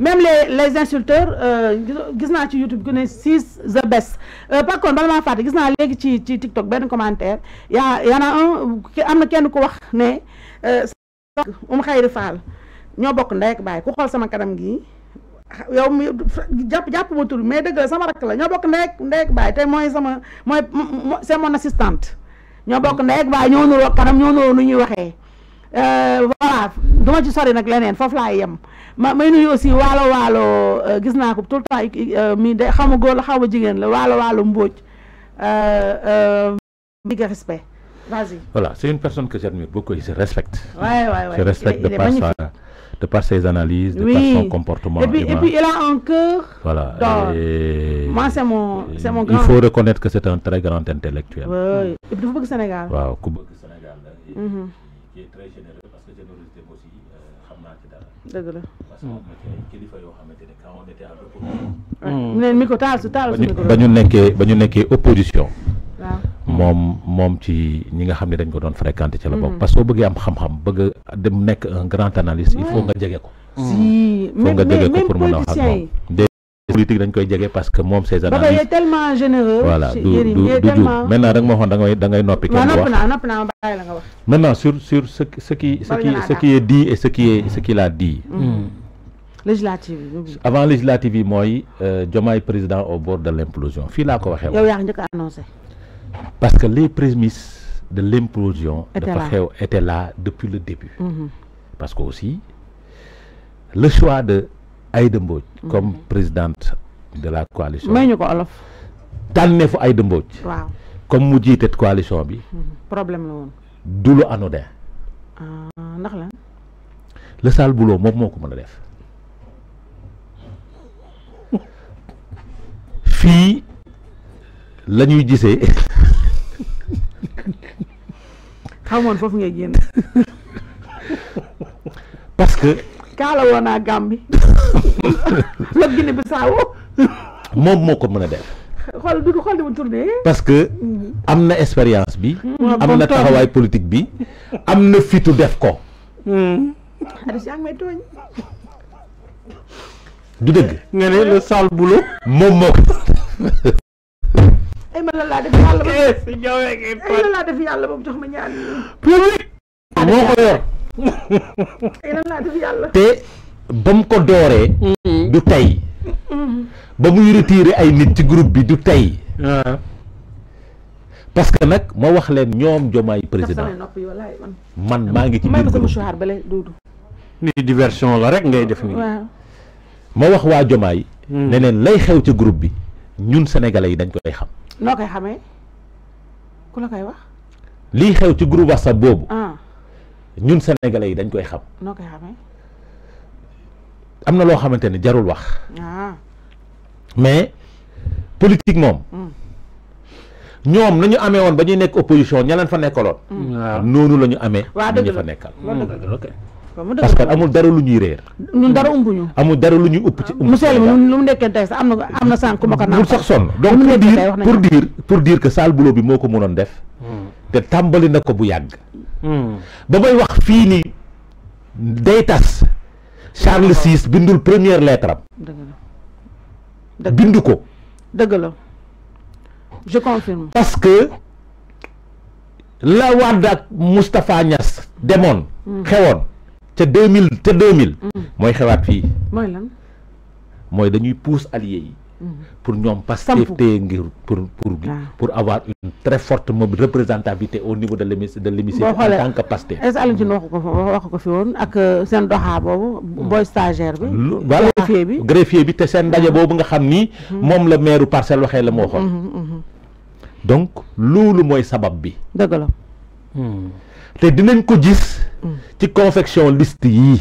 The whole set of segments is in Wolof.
même les les insulteurs euh, gis naa ci YouTube ku ne six the best euh, par contre bala maa fàtte gis naa léegi ci ci TikTok benn commentaire yaa y en am na kenn ku wax ne euh, um xayri faal ñoo bokk ndey ak baay ku xool sama kanam gi yow mi jàpp jàpp ma tur mais dëgg la sama rakk la ñoo bokk ndey ak ndey ak mooy sama mooy c'est mon ñoo bokk ndey ak baay ñoo nuroo kanam ñoo nuroo nu ñuy waxee Euh, voilà duma ci sori nak leneen foofu laay yem ma may nuyu aussi waalo waalo euh, gis naa ko tout le temps euh, mi de xaw ma góor la xaw ma jigéen la waalo waalo mbóoj respect vas-y voilà c'est une personne que j'admire beaucoup il se respecte ouais, ouais, ouais. se respecte de, par sa, de par ses analyses de oui. par son comportement et puis, et puis il a un cœur voilà et moi c'est mon c'est mon grand il faut reconnaître que c'est un très grand intellectuel oui. et puis il faut que Sénégal waaw ku bëgg Sénégal qui est que générosité bi aussi euh, xam naa ci dara. yoo xamante ne quand on était à l'opposition. nee mi ko taal su taal su ba ñu nekkee ba ñu nekkee opposition. waaw moom moom ci ñi nga xam ne dañ ko doon fréquenté ci la bokk. Hmm. parce que boo bëggee am xam-xam bëgg dem nekk un grand analyste. il faut nga jege ko. si nga jege ko pour mën a wax ak moom. politique dañ koy jege parce que mom ses analyses. ba est tellement généreux. voilà du du du maintenant da mo xon waxoon da ngay da ngay wax maintenant sur sur ce ce qui ce qui ce qui est dit et ce qui est ce qu'il a dit. Mm. législative avant législative moy djomay euh, Diomaye président au bord de l'implosion. fi la ko waxee. yow yaa njëkk annoncer parce que les prémices de l'implosion implosion. était là depuis le début. Mm-hmm. parce que aussi le choix de. Aïda Mbodj comme mhm. président de la coalition may ñu ko olof tànneefu Aïda Mbodj waaw comme mu jiite coalition bi mhm. problème la woon du lu anodin ah, la le sale moom moo ko mën a def fii la ñuy gisee xamoon foofu ngay génn parce que kaala la Guinée Bissau moom moo ko mën a def xool du xool dama tourné parce que am na expérience bi mm. am na taxawaay politique bi am na fitu def ko mm. du dëgg nga ne le sale boulot moom moo ko def te ba mu ko dooree. Mm-hmm. du tey. ba muy retirer ay nit ci groupe bi du tey. Ah. parce que nag ma wax leen ñoom jomaay président man maa ngi ci biir groupe ni diversion la rek ngay def nii. ma wax waa jomaay. Mm. ne leen lay xew ci groupe bi ñun sénégalais yi dañ koy xam. noo koy xamee ku la wax. lii xew ci groupe whatsapp boobu. Ah. ñun sénégalais yi dañ koy xam. am na loo xamante ni jarul wax. Ah. mais politique moom. Hmm. ñoom nañu amee woon ba ñuy nekk opposition ña fa nekkaloon. Hmm. noonu la ñu amee. ñu fa nekkal. Hmm. parce que amul dara lu ñuy réer. ñun dara umbuñu. amul dara lu ñuy upp ci. umb monsieur le lu mu nekkee tey sax am na am na sànq ma ko naan. bul sax sonn donc pour dire pour dire pour dire bi moo ko mënoon def. te tàmbali na ko bu yàgg. ba may wax fii nii day tas. Charles VI bindul première lettre am. dëgg bindu ko. dëgg la je confirme. parce que la Wade ak Moustapha Niass demoon. Hmm. xewoon ca deux mille ca deux mille. Hmm. mooy xewaat fii. mooy dañuy pousse alliés yi. pour ñoom Pastef téye ngir pour pour ah. pour avoir une très forte mob représentativité au niveau de l'émi de l'hémicycle en tant que Pastef seen ce Alioune Tine waxu ko fi woon ak euh, seen doxaa boobu hmm. booy stagiaire bi voilà bi te seen ndaje hmm. boobu nga xam ni hmm. moom la maire parcel waxee la moo xool donc loolu mooy sabab bi dëgg la te dinañ ko gis ci confection liste yii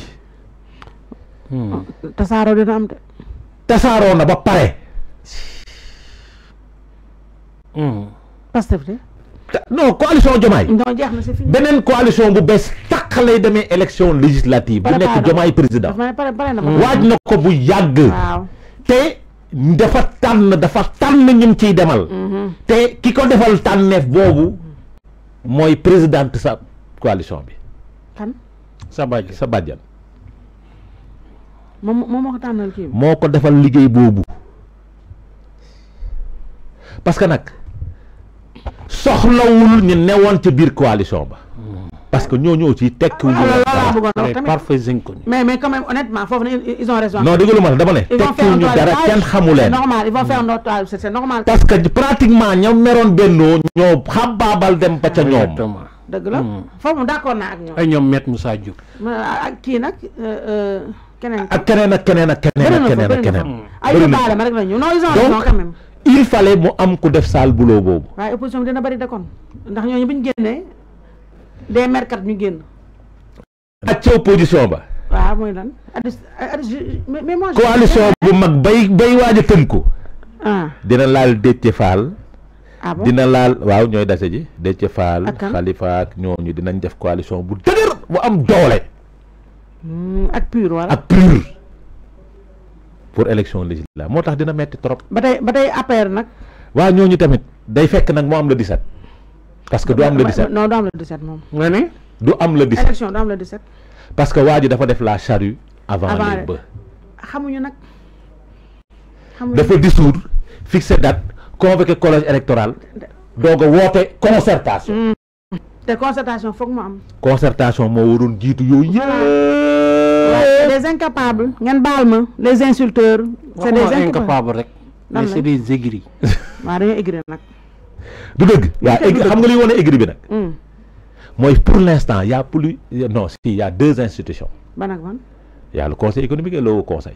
oh, tasaaroo dina am de tasaaroo na ba pare Hum. Pastef de. non coalition Jomaay. non jeex na c'est fini beneen coalition bu bees tàq lay demee élection législative. bu nekk Jomaay président. waaj na ko bu yàgg. te dafa tànn dafa tànn ñum ciy demal. Mhm. te ki ko defal tànneef boobu mooy presidente sa coalition bi. kan. sa bàjjan sa bàjjan. moom ko tànnal kii moo defal liggéey boobu. parce que nag soxlawul ñu newoon ca biir coalition ba. parce que ñoo aussi tekki wu ñu. parfait mais mais quand même honnêtement foofu ils ont raison. non déglu ne. tekki ñu dara kenn xamu parce que pratiquement ñoom meroon bennoo ñoo xabaabal dem ba ca ñoom. dëgg la hmm. foofu d'accord naa ak ñoom. ay ñoom Maître Moussa Diop. ak kii nag. Euh, euh, keneen ak keneen ak keneen ak keneen ak keneen ak keneen. ay yóbbaale ma rek la ñu non ils ont raison quand même. il fallait mu am ku def sale boulot boobu. waaye opposition bi dina bari de kon ndax ñoo bu ñu génnee des merkat ñu génn. ak ca opposition ba. waaw mooy coalition bu mag bay bay waaj tënku. Ah. dina laal Déthié Fall. Ah dina laal waaw ñooy dase ji Déthié Fall. ak ñooñu dinañ def coalition bu dëgër bu am doole. Hmm, ak pur wala ak pur. pour élection législative motax dina metti trop. ba tey ba tey APR nak wa ñooñu tamit day fekk nak mo am le 17. parce que du am le 17 non du am le 17 mom nga ne du am le 17 élection du am le 17. parce que waji dafa def la charrue. avant les bœufs xamuñu nak xamuñu dafa dissoudre fixer date convoquer collège électoral. doog a woote concertation. Mm. te concertation foog mu am. concertation moo waroon jiitu yooyu les incapables ngeen baal les insulteurs. c'est les des incapables rek. mais c'est des aigris. waaw dañoo aigri nag. du dëgg. waaw xam nga li ñu wane aigri bi nag. Hmm. pour l'instant, il y' a plus non si y' a deux institutions. ban ak ban. y' a le conseil économique et le haut conseil.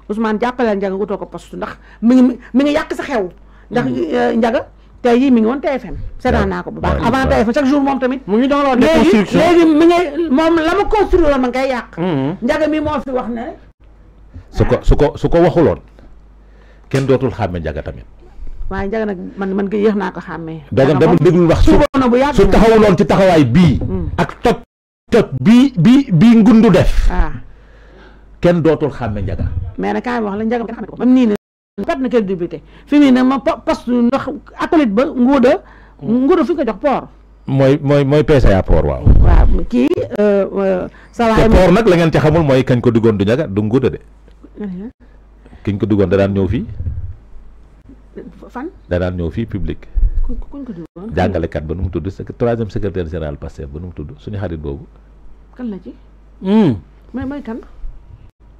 Ousmane jàppaleel Ndiaga wutoo ko poste ndax mi ngi mi ngi yàq sa xew. ndax mm. euh, Ndiaga tey jii mi ngi woon TFM seetaan naa ko bu baax avant TFM chaque jour moom tamit mu ngi doon loolu léegi léegi mi ngi moom la yàq mm. Ndiaga mi moo fi wax ne su ko ah. su ko su ko waxuloon kenn dootul xàmme Ndiaga tamit waaye Ndiaga nag man man ko yéex naa ko xàmmee Ndiaga dama lu wax su taxawuloon ci taxawaay bii mm. ak tot tot bii bii bii ngundu def ah. kenn dootul xàmme Ndiaga mais nag ay wax la njagam kenn ni na pat nii ne perte na crédibilité fi mu ne ma poste ndox acolyte ba nguuda hmm. nguuda fi nga jox port moy moy mooy PCA port waaw waaw kii sa euh, euh, waay port nak la ngeen ci xamul moy kagn ko dugon du ñaga du nguuda de ah. kagn ko dugon da daan ñëw fi fan da daan ñëw fi public jangale kat ba nu mu tudd troisième secrétaire général passé ba num tuddu suñu xarit bobu kan la ci hmm. may may kan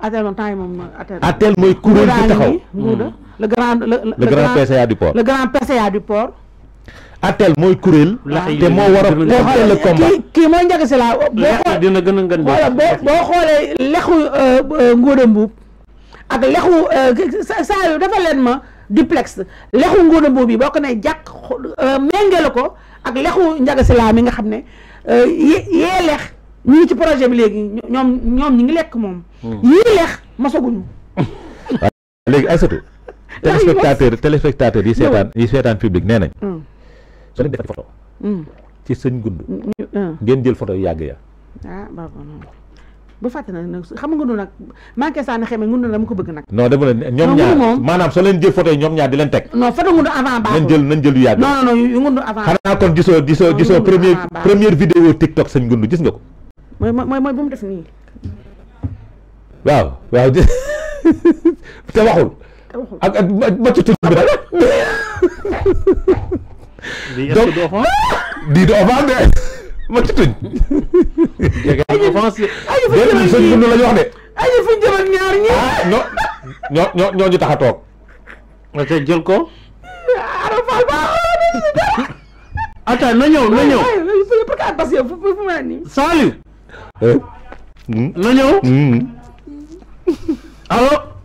ATEL moom temps yi moom ATEL. ATEL mooy kuréel bu taxaw Ngouda hmm. le grand le grand du port. ATEL ah, mooy kuréel. te moo war a porter le combat. kii kii mooy njëkk si laa. boo a ngeen boo xoolee lexu euh, euh, Ngouda ak lexu euh, saa yu dafa leen ma duplex lexu Ngouda Mbuub yi boo ko nee jàkk méngale ko ak lexu njëkk si laa mi nga xam ne yee lex. ñu ngi ci projet bi léegi ñoom ñoom ñi ngi lekk moom. Hmm. yii leex masaguñu. waaw léegi ay surtout. téléspectateur téléspectateur yi seetaan yi seetaan public nee nañ. Hmm. soo leen def foto hmm. ci sëñ gund. ngeen jël photo yu yàgg ya. ah ba bu fàtte na nag xam nga nag manqué saa ne xamee ngundu dama ko bëgg nag. non dama ne ñoom ñaar maanaam soo leen jël photo yi ñoom ñaar di leen teg. non photo ngundu avant baaxul nañ jël nañ jël yu yàgg. non non yu ngundu avant. xanaa kon gisoo gisoo gisoo première première vidéo TikTok sëñ gund gis nga ko. My, my, my, my mom doesn't need. Wow. Wow. تبعهم ما تتبع دي دي دوفان ما تتج دي من سن فنو لا يوخني اجي فين جبل ñaar ñi no ño ño ño ñu taxa tok nga te jël ko ara fal ba ata na ñew na salut Eh? na ñëw. Hmm. allo.